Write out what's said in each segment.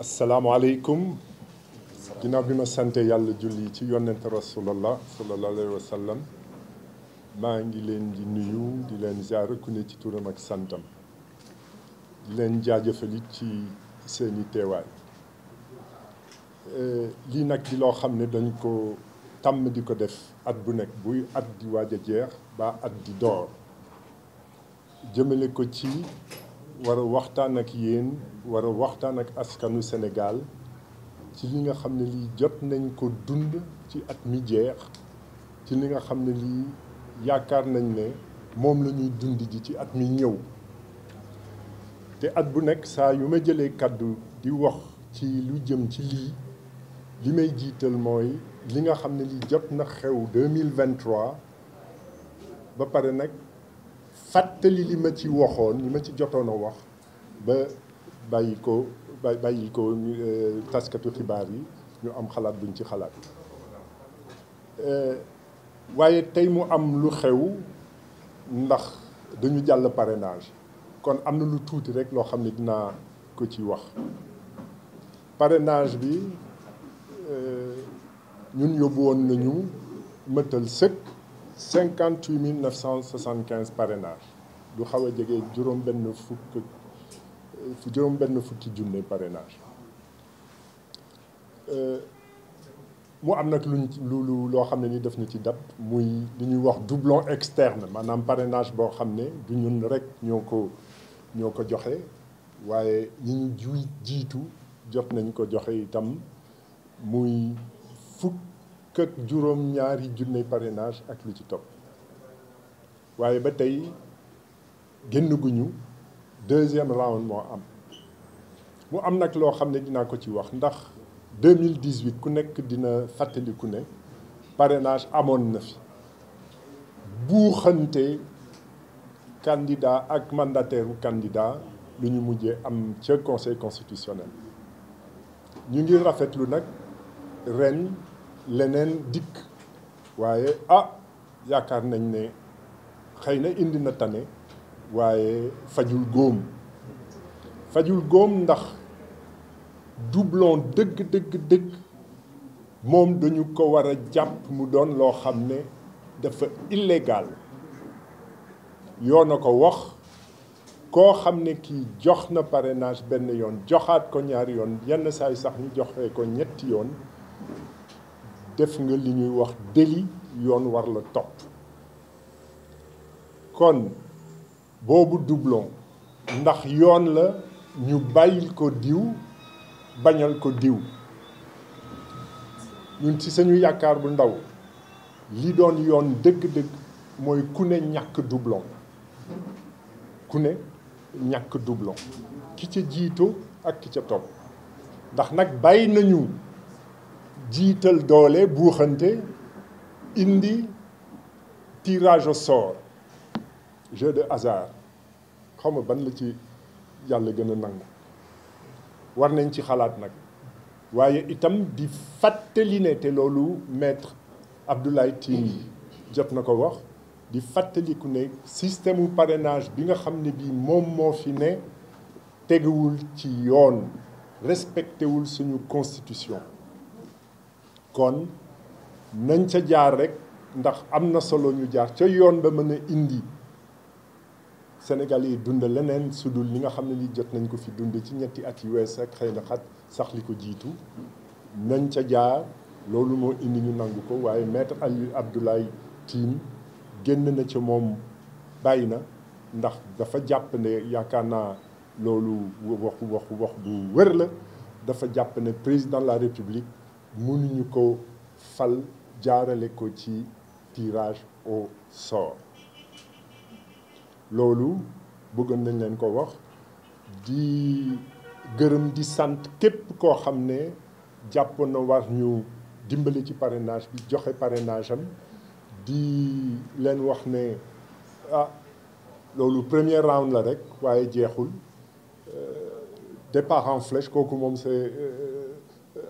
asalaamaaleykum ginnaaw bi ma sante yàlla julli ci yonente rasulallah sallallahu alayhi wa sallam maa ngi leen di nuyu di leen ziar ku ne ci turam ak santam di leen jaajëfalit ci seeni teewaay eh, lii nag di loo xam ne dañ ko tàmm di ko def at bu nekk buy at di waaj a jeex ba at di door jëmale ko ci war waxtaan ak yéen wara waxtaan ak askanu senegaal ci li nga xam ne lii jot nañ ko dund ci at mi jeex ci li nga xam ne lii yaakaar nañ ne moom lañuy ñuy dund ji ci at mi ñëw te at bu nekk saa yu ma jëlee kàddu di wax ci lu jëm ci lii li may jiital mooy li nga xam ne lii jot na xew 2023 ba pare nag fàttali li ma ci waxoon li ma ci jotoon a wax ba bàyyi ko bàyyi ko euh, taskatu xibaar yi ñu am xalaat buñ ci xalaat euh, waaye tey mu am lu xew ndax dañu jàll parenage kon am na lu tuuti rek loo xam ne dinaa ko ci wax parenage bi euh, ñun yóbbu woon nañu mëtal sëkk cinquante mille neuf cent soixante-quinze parrainage du xaw a jege juróom benn fukk fukki junne parrainage euh, mu am nag luñ lu loo xam ne ni def na ci dab muy li ñuy wax doublon externe maanaam parrainage boo xam ne du ñun rek ñoo ko ñoo ko joxe waaye ñi ñu jiitu jot nañ ko joxe itam muy fukk ak juróom ñaari junne parrainage ak lu ci topp waaye ba tey génn guñu deuxième round moo am mu am nag loo xam ne dinaa ko ci wax ndax 2018 ku nekk dina fàttaliku ne parenage amoon na fi buuxante candidat ak mandateeru u candidat lu ñu mujjee am ca conseil constitutionnel ñu ngi rafetlu nag ren leneen dikk waaye ah yaakaar nañ ne xëy na indi na tane waaye fajul góom fajul góom ndax dublon dëgg dëgg dëgg moom dañu ko wara a jàpp mu doon loo xam ne dafa illégal yoon ko wax koo xam ne kii jox na parrainage benn yoon joxaat ko ñaar yoon yenn saay sax ñu joxee ko ñetti yoon def nga li ñuy wax délit yoon war la topp kon boobu doublon ndax yoon la ñu bàyyil ko diw bañal ko diw ñun ci sañu yaakaar bu ndaw li doon yoon dëgg-dëgg mooy ku ne ñàkk doublon ku ne ñàkk doublon ki ca jiitu ak ki ca topp ndax nag bàyyi nañu jiital doole buuxante indi tirage au sort de hasard xaw ma ban la ci yàlla gën a nangu war nañ ci xalaat nag waaye itam di fàttali ne te loolu maître Abdoulaye Tine jot na ko wax di fàttaliku ne système u parrainage bi nga xam ne bii moom moo fi ne teguwul ci yoon respecté wul suñu constitution kon nañ ca jaar rek ndax am na solo ñu jaar ca yoon ba mën a indi Sénégal yi dund leneen su dul li nga xam ne li jot nañ ko fi dund ci ñetti at yu wees ak xëy na xat sax li ko jiitu nañ ca jaar loolu moo indi ñu nangu ko waaye maître Aliou Abdoulaye Tine génn na ca moom bàyyi na ndax dafa jàpp ne yaakaar naa loolu wax wax wax bu wér la dafa jàpp ne président la république mu mënuñu ko fal jaarale ko ci tirage au sort loolu bëggoon nañ leen ko wax di gërëm di sant képp koo xam ne jàpp na war ñu dimbali ci parrainage bi joxe parrainage am di leen wax ne ah loolu premier round la rek waaye jeexul euh, départ en kooku moom c'est euh,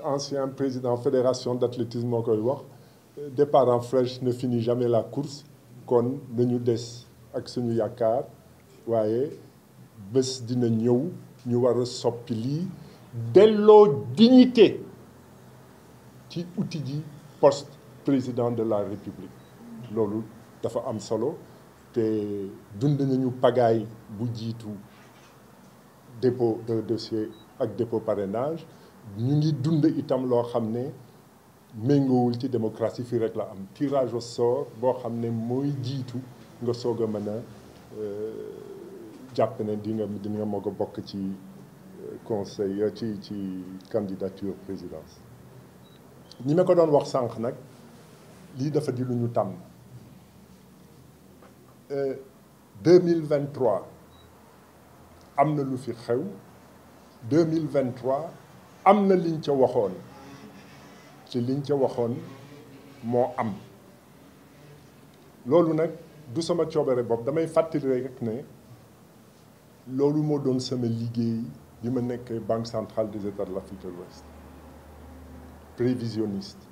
ancien président fédération d'athlétisme moo koy wax départ en flèche ne finit jamais la course kon nañu des ak suñu yaakaar waaye bés dina ñëw ñu war a soppi lii delloo dignité ci outil ji poste président de la république loolu dafa am solo te dund nañu pagaay bu jiitu dépôt de dossier ak dépôt parrainage ñu ngi dund itam loo xam ne méngoowul ci démocratie fii rek la am tirage au sort boo xam ne mooy jiitu nga soog a mën a euh, jàpp ne di nga di nga moog a bokk ci euh, conseil euh, ci ci candidature présidence ñi ma ko doon wax sànq nag lii dafa di lu ñu tàmm am na lu fi xew 2023 am na liñ ca waxoon ci liñ ca waxoon moo am loolu nag du sama coobare bopp damay fàttali rek ne loolu moo doon sama liggéey bi ma nekk banque centrale des états de l'Afrique de l'Ouest prévisionniste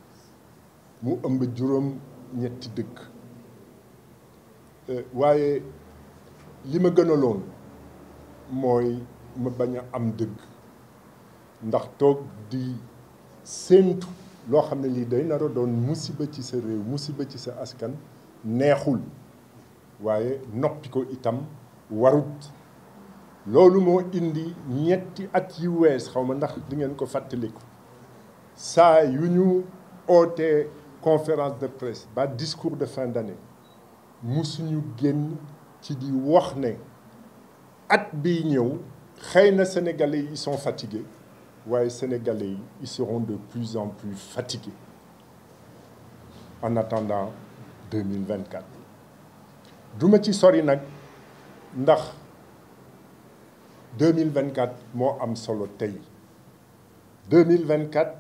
mu ëmb juróom ñetti dëkk euh, waaye li ma gënaloon mooy ma bañ a am dëgg ndax toog di séentu loo xam ne lii day nar a doon musiba ci sa réew musiba ci sa askan neexul waaye noppi ko itam warut loolu moo indi ñetti at yu wees xaw ma ndax di ngeen ko fàttaliku saa yu ñu ootee conférence de presse ba discours de fin d'année suñu génn ci di wax ne at bi ñëw xëy na sénégalais yi sont fatigués waaye sénégalais yi ils de plus en plus fatigués en attendant 2024 duma ci sori nag ndax 2024 moo am solo tey 2024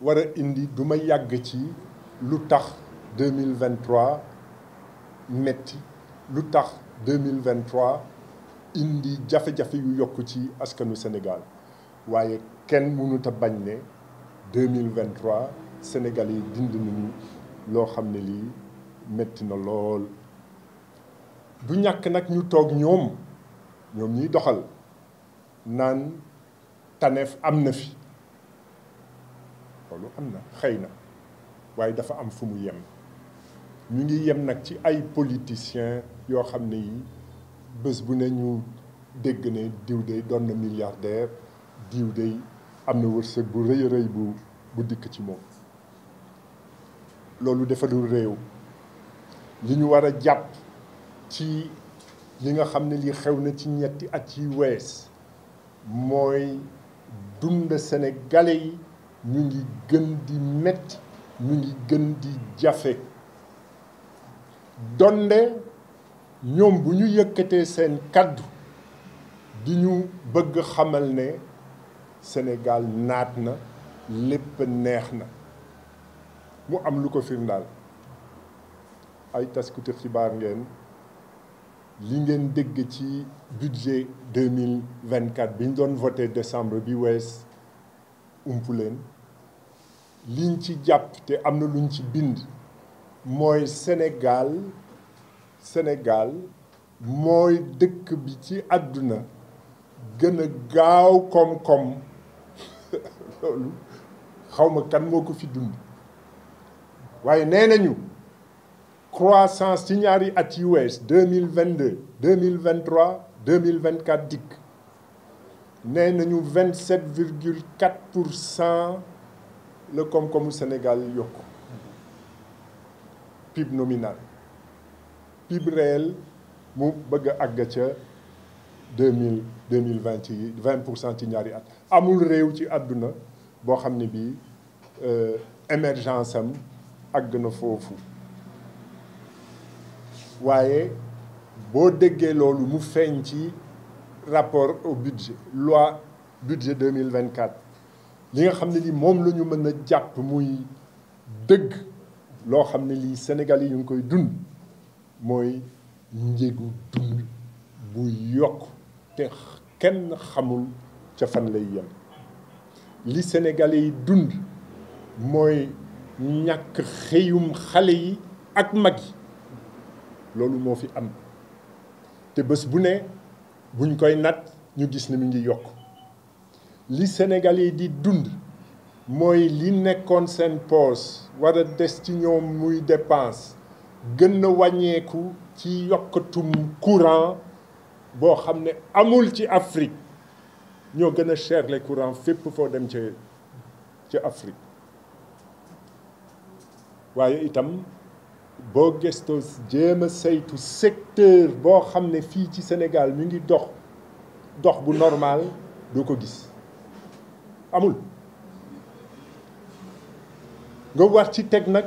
war a indi du ma yàgg ci lu tax 2023 metti lu tax 2023 indi jafe-jafe yu yokk ci askanu Sénégal waaye kenn mënut a bañ ne 2023 Sénégal yi dind nañu loo xam ne lii métti na lool du ñàkk nag ñu toog ñoom ñoom ñuy doxal naan taneef am na fi loolu am na xëy na waaye dafa am fu mu yem ñu ngi yem nag ci ay politiciens yoo xam ne yi bés bu ne ñu dégg ne diw de doon na milliardaire diw day am na wërsëg bu rëy rëy bu dikk ci moom loolu defarul réew li ñu war a jàpp ci li nga xam ne li xew na ci ñetti at yi wees mooy dund sénégalais yi ñu ngi gën di metti ñu ngi gën di jafe donde ñoom bu ñu yëkkatee seen kàddu di ñu bëgg xamal ne Sénégal naat na lépp neex na mu am lu ko firndaal ay taskatu xibaar ngeen li ngeen dégg ci budget deux mille bi ñu doon voté décembre bi wees umpu leen liñ ci jàpp te am na luñ ci bind mooy Sénégal Sénégal mooy dëkk bi ci àdduna gën a gaaw koom-koom. loolu xaw ma kan moo ko fi dund waaye nee nañu croissance ci ñaari at yu wees deux mille vingt deux deux mille vingt trois mille vingt quatre dikk nee nañu vingt sept virgule quatre pour cent la koom-koomu Sénégal yokku PIB nominal PIB réel mu bëgg a àgg ca deux mille deux mille vingt ci vingt pour cent ci ñaari at amul réew ci àdduna boo xam ne bii euh, émergence am àgg na foofu waaye boo déggee loolu mu feeñ ci rapport au budget loi budget 2024 li nga xam ne lii moom lañu mën a jàpp muy dëgg loo xam ne lii Sénégal yi ñu ngi koy dund mooy njëgu dund bu yokk te kenn xamul ca fan lay yem li sénégalais yi dund mooy ñàkk xëyum xale yi ak mag yi loolu moo fi am te bés bu ne buñ koy nat ñu gis ne mi ngi yokk li sénégalais yi di dund mooy li nekkoon seen poos war a des ci ñoom muy dépense gën a wàññeeku ci yokkatum courant boo xam ne amul ci Afrique ñoo gën a cher les courants fépp foo dem ci ci Afrique waaye itam boo gëstoo jéem a saytu secteur boo xam ne fii ci Sénégal ñu ngi dox dox bu normal doo ko gis amul nga war ci teg nag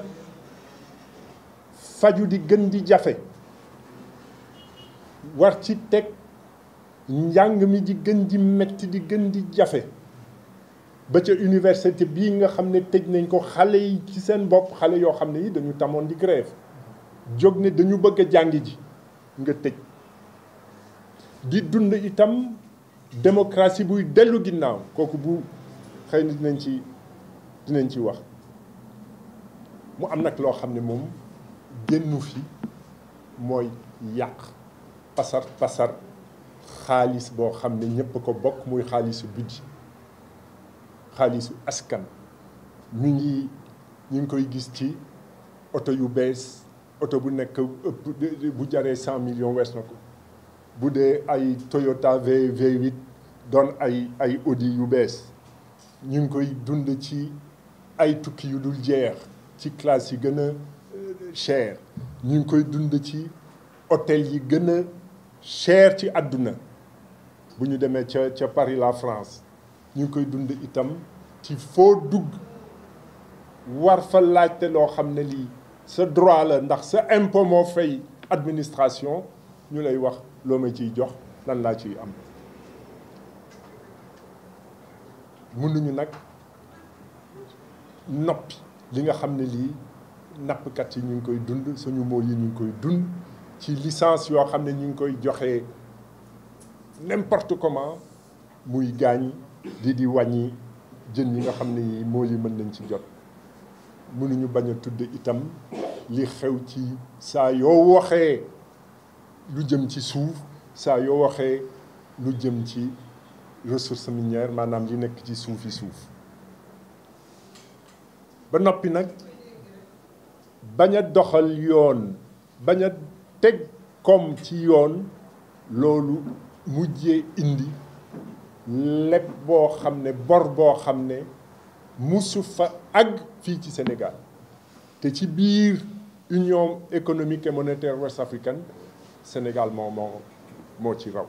faju di gën di jafe war ci teg njàng mi di gën di metti di gën di jafe ba ca université bii nga xam ne tëj nañ ko xale yi ci seen bopp xale yoo xam ne yi dañu tamoon di grève jóg ne dañu bëgg a jàngi ji nga tëj di dund itam démocratie buy dellu ginnaaw kooku bu xëy na dinañ ci dinañ ci wax mu am nag loo xam ne moom génnu fi mooy yàq pasar pasar xaalis boo xam ne ñëpp ko bokk muy xaalisu budget xaalisu askan ñu ngi ñu ngi koy gis ci oto yu bees oto bu nekk bu jaree cent million wees na ko bu dee ay Toyota V V8 doon ay ay Audi yu bees ñu ngi koy dund ci ay tukki yu dul jeex ci classe yi gën a euh, cher ñu ngi koy dund ci hôtel yi gën a cher ci àdduna bu ñu demee ca ca Paris la France ñu ngi koy dund itam ci foo dugg war fa laajte loo xam ne lii sa droit la ndax sa impo moo fay administration ñu lay wax loo ma ciy jox lan laa ciy am mënuñu nag noppi li nga xam ne lii nappkat yi ñu ngi koy dund suñu moo yi ñu ngi koy dund ci licence yoo xam ne ñu ngi koy joxe n'importe comment muy gaañ di di wàññi jën yi nga xam ne yi mool yi mën nañ ci jot mu ñu bañ a tudd itam li xew ci saa yoo waxee lu jëm ci suuf saa yoo waxee lu jëm ci ressource minière maanaam li nekk ci suuf suufi suuf ba noppi nag bañ a doxal yoon bañ a teg comme ci yoon loolu mujjee indi lépp boo xam ne bor boo xam ne musu fa ag fii ci Sénégal te ci biir union économique et monétaire ouest africaine Sénégal moo moo ci raw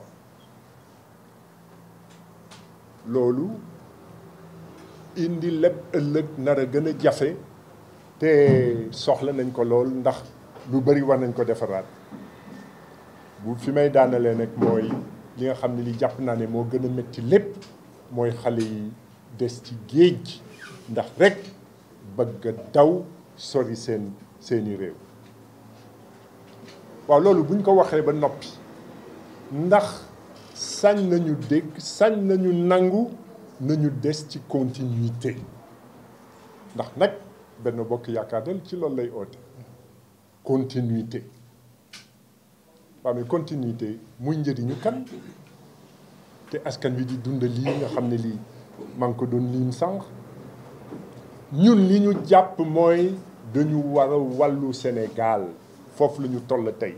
loolu indi lépp ëllëg nar a gën a jafe te soxla nañ ko lool ndax lu bari war nañ ko defaraat. bu fi may daanalee nag mooy li nga xam ne li jàpp naa ne moo gën a metti lépp mooy xale yi des ci géej gi ndax rekk bëgg a daw sori seen seeni réew waaw loolu buñ ko waxee ba noppi ndax sañ nañu dégg sañ nañu nangu nañu des ci continuité ndax nag benn bokk yaakaar dal ci lool lay oote continuité ba amee continuité muy njëriñu kan te askan bi di dund lii nga xam ne lii maa ko doon liim sànq ñun li ñu jàpp mooy dañu war a wàllu Sénégal foofu la ñu toll tey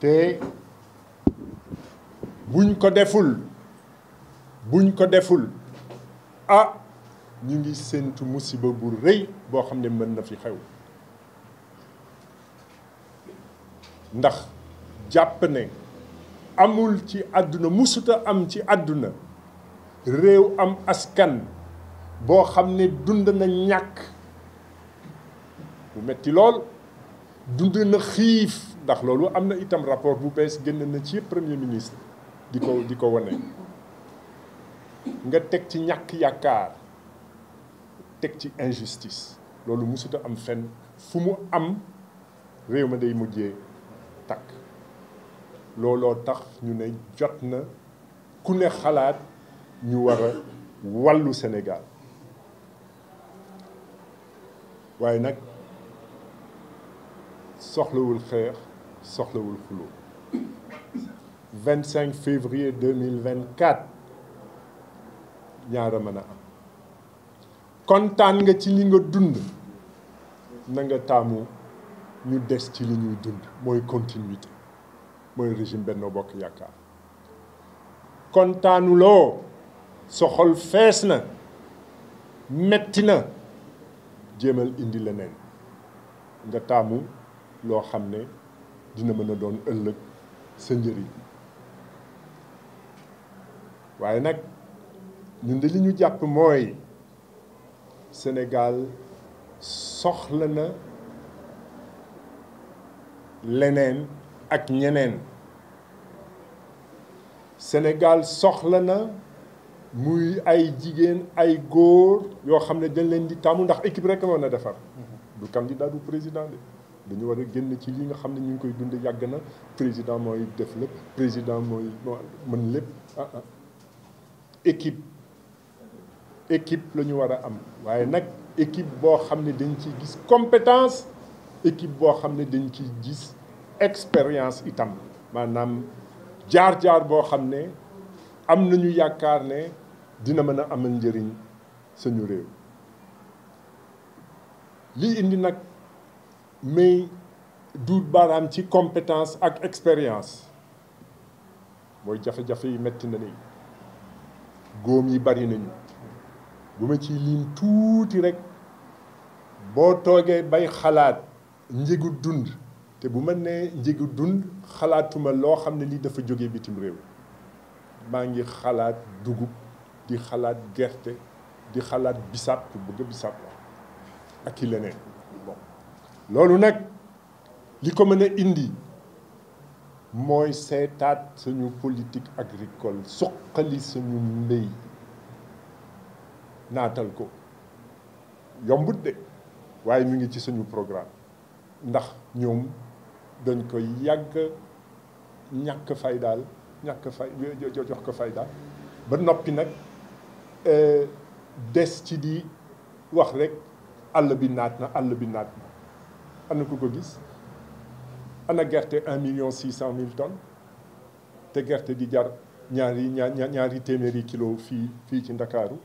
te buñ ko deful buñ ko deful a ah, ñu ngi séntu musiba bu rëy boo xam ne mën na fi xew ndax jàpp ne amul ci àdduna musuta am ci àdduna réew am askan boo xam ne dund na ñàkk bu metti lool dund na xiif ndax loolu am na itam rapport bu bees génn na ci premier ministre di ko di ko wane nga teg ci ñàkk yaakaar teg ci injustice loolu musuta am fenn fu mu am réew ma day mujjee looloo tax ñu ne jot na ku ne xalaat ñu war wàllu Sénégal waaye nag soxlawul xeex soxlawul xuloo 25 février 2024 ñaara mën a am kontaan nga ci li nga dund na taamu ñu des ci li ñuy dund mooy continuité mooy régime Benno Bokk Yaakaar kontaanuloo sa xol fees na metti na jéemal indi leneen nga taamu loo xam ne dina mën a doon ëllëg sa njëriñ waaye nag ñun de li ñu jàpp mooy senegal soxla na leneen ak ñeneen Sénégal soxla na muy ay jigéen ay góor yoo xam ne dañ leen di taamu ndax équipe rek mën a defar mhm. du candidat du président de dañu war a génn ci li nga xam ne ñu ngi koy dund yàgg na président mooy def lépp président mooy mën lépp ah ah équipe équipe la ñu war a am waaye nag équipe boo xam ne dañ ci gis compétence équipe boo xam ne dañ ciy gis expérience itam maanaam jaar-jaar boo xam ne am nañu yaakaar ne dina mën a amal njëriñ suñu réew lii indi nag may duut baaraam ci compétence ak expérience mooy jafe-jafe yi metti na léegi góom yi bari nañu bu ma ci liim tuuti rek boo toogee bay xalaat njëgu dund bu mën nee njëgu dund xalaatuma loo xam ne lii dafa jóge bitim réew maa ngi xalaat dugub di xalaat gerte di xalaat bisaab ku bëgg bisaab la ak i leneen loolu nag li ko mën a indi mooy seetaat suñu politik agricole suqali suñu mbéy naatal ko yombut de waaye mu ngi ci suñu programme ndax ñoom dañ ko yàgg ñàkk fay daal ñàkk fay jox ko fay daal ba noppi nag euh, des ci di wax rek àll bi naat na àll bi naat na ana ku ko gis ana gerte un million six cent mille tonnes te gerte di jar ñaari ñaari téeméeri kilo fii fii ci Ndakaaru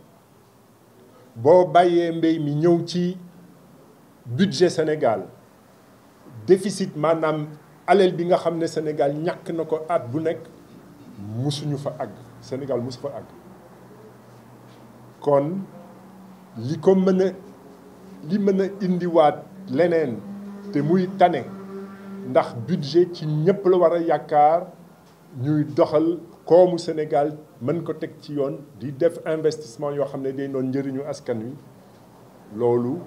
boo bàyyee mbéy mi ñëw ci budget Sénégal déficit maanaam alal bi nga xam ne Sénégal ñàkk na ko at bu nekk suñu fa àgg Sénégal musu fa àgg kon li ko mën a li mën a indiwaat leneen te muy tane ndax budget ci ñëpp la war a yaakaar ñuy doxal koomu Sénégal mën ko teg ci yoon di def investissement yoo xam ne day doon njëriñu askan wi loolu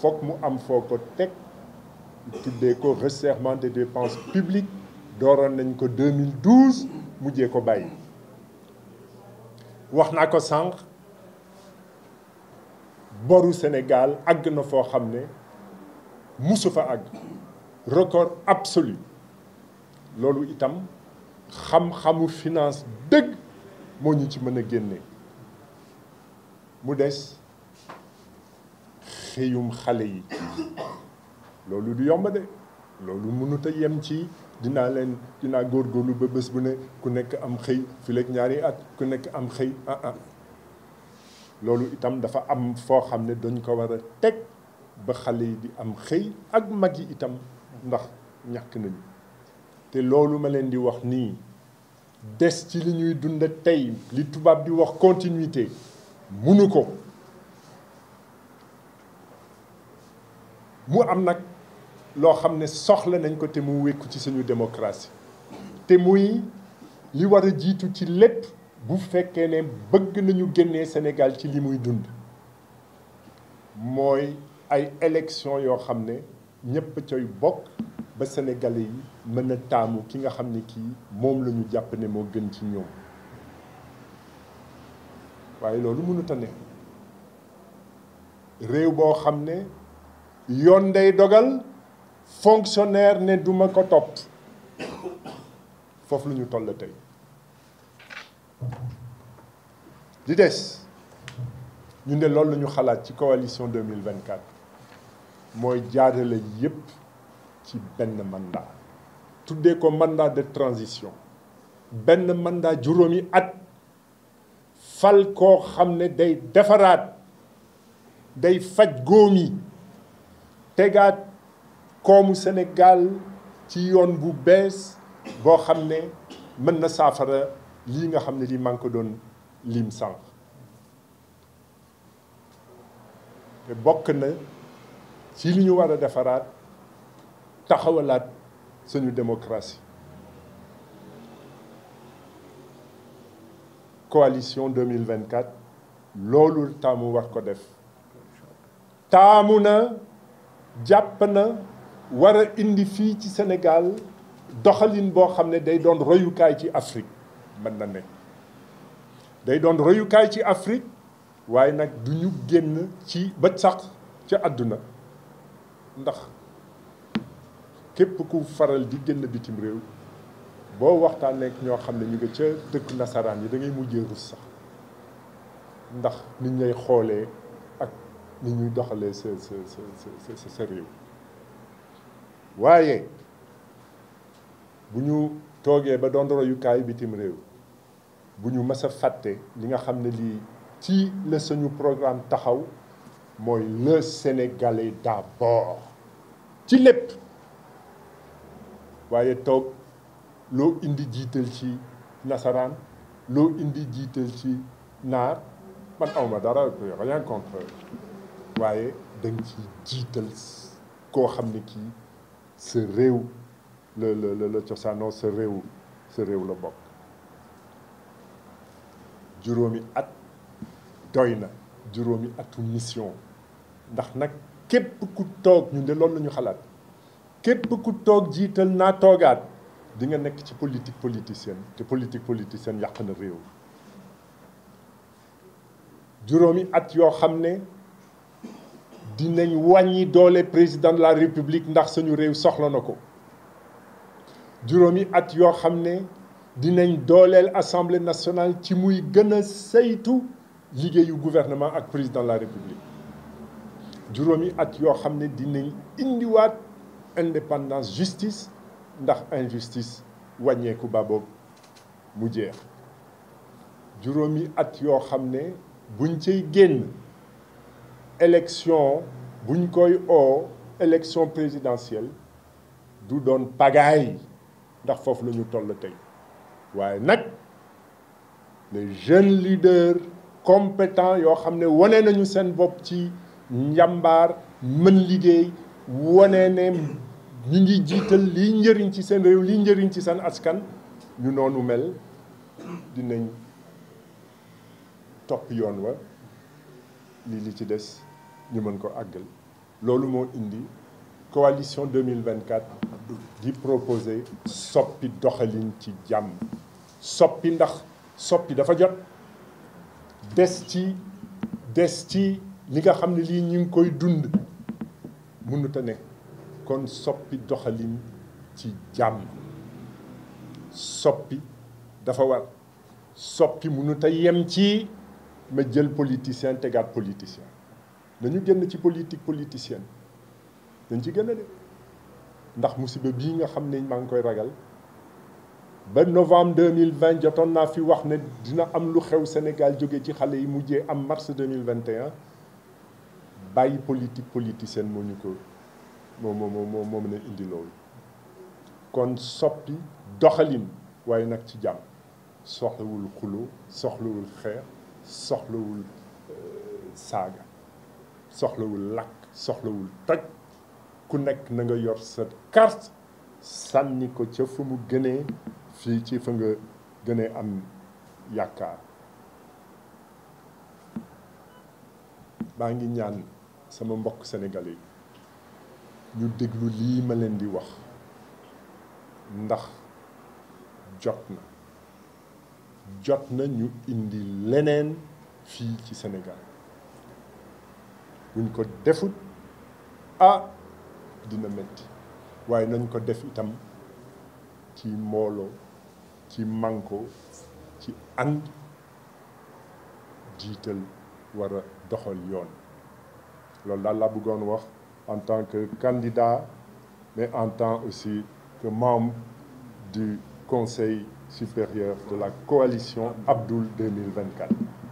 foog mu am foo ko teg tuddee ko resserrement des dépenses publiques dooroon nañ ko 2012 mujjee ko bàyyi wax naa ko sànq boru Sénégal àgg na foo xam ne musu fa àgg record absolu loolu itam xam-xamu finance dëgg moo ñu ci mën a génne mu des xëyum xale yi loolu du yomb de loolu mënut a yem ci dinaa leen dinaa góor góorlu ba bés bu ne ku nekk am xëy fileeg ñaari at ku nekk am xëy ah, ah. loolu itam dafa am foo xam ne dañ ko war a teg ba xale yi di am xëy ak mag yi itam ndax na nañu te loolu ma leen di wax nii des ci li ñuy dund tey li tubaab di wax continuité munu ko mu am nag loo xam ne soxla nañ ko te mu wékku ci suñu démocratie te muy li war a jiitu ci lépp bu fekkee ne bëgg nañu génnee Sénégal ci li muy dund mooy ay élection yoo xam ne ñëpp coy bokk ba Sénégalais yi mën a taamu ki nga xam ne kii moom lañu jàpp ne moo gën ci ñoom waaye loolu mënut a ne réew boo xam ne yoon day dogal fonctionnaire ne duma ko topp foofu lu ñu toll tey di des ñu ne loolu la ñu xalaat ci coalition 2024 mooy jaarale yépp ci benn mandat tuddee ko mandat de transition benn mandat yi at fal koo xam ne day defaraat day faj góom yi tegaat koomu Sénégal ci yoon bu bees boo xam ne mën na saafara lii nga xam ne li man ko doon lim sànq te bokk na ci li ñu war a defaraat taxawalaat suñu démocratie coalition 2024 loolu taamu war ko def taamu na jàpp na war a indi fii ci senegaal doxalin boo xam ne day doon royukaay ci Afrique mën na nekk day doon royukaay ci Afrique waaye nag du ñu génn ci ba sax ci àdduna ndax képp ku faral di génn bitim réew boo waxtaan nekk ñoo xam ne ñu ngi ca dëkk nasaraan yi da ngay mujjee rus sax ndax nit ñay xoolee ak ni ñuy doxalee sa sa sa sa sa réew waaye bu ñu toogee ba doon royukaay bitim réew bu ñu mës a fàtte li nga xam ne lii ci la suñu programme taxaw mooy le sénégalais d'abord ci lépp waaye toog loo indi jiital ci nasaraan loo indi jiital ci naar man awma dara rien contre waaye dañ ci jiital koo xam ne kii sa réew la la la cosaanoo sa réew sa réew la bokk juróomi at doy na juróomi atu mission ndax nag képp ku toog ñun de loolu ñu xalaat képp ku toog jiital naa toogaat di nga nekk ci politique politicienne te politique politicienne yàq na réew juróomi at yoo xam ne dinañ wàññi doole président de la république ndax suñu réew soxla na ko juróomi at yoo xam ne dinañ dooleel assemblée nationale ci muy gën saytu liggéeyu gouvernement ak président de la république juróomi at yoo xam ne dinañ indiwaat indépendance justice ndax injustice wàññeeku ba boobu mu jeex juróomi at yoo xam ne buñ cay génn. élection buñ koy oo élection présidentielle du doon pagaille ndax foofu lañu toll tey waaye nag les jeunes leaders compétents yoo xam ne wane nañu seen bopp ci njàmbaar mën liggéey wane ne ñu ngi jiital liy njëriñ ci seen réew liy njëriñ ci seen askan ñu noonu mel dinañ topp yoon wa lii li ci des ñu mën ko àggal loolu moo indi coalition 2024 di proposer soppi doxalin ci jàmm soppi ndax soppi dafa jot des ci des ci li nga xam ne lii ñu ngi koy dund mënut a nekk kon soppi doxalin ci jàmm soppi dafa war soppi mënut a yem ci ma jël politicien tegaat politicien dañu génn ci politique politicienne dañ ci gën a de ndax musiba bi nga xam ne maa ngi koy ragal ba novembre 2020 jotoon naa fi wax ne dina am lu xew Sénégal jóge ci xale yi mujjee am mars 2021 bàyyi politique politicienne moo ñu ko moo moo mën a indi loolu kon soppi doxalin waaye nag ci jàmm soxlawul xuloo soxlawul xeex soxlawul euh, saaga soxlawul lakk soxlawul toj ku nekk na nga yor sa carte sànni ko ca fu mu gënee fii ci fa nga gënee am yaakaar maa ngi ñaan sama mbokk sénégalais ñu déglu lii ma leen di wax ndax jot na jot na ñu indi leneen fii ci senegal buñ ko defut ah dina metti waaye nañ ko def itam ci mbooloo ci manko ci ànd jiital war doxal yoon loolu daal la bëggoon wax en tant que candidat mais en tant aussi que membre du conseil supérieur de la coalition Abdoul 2024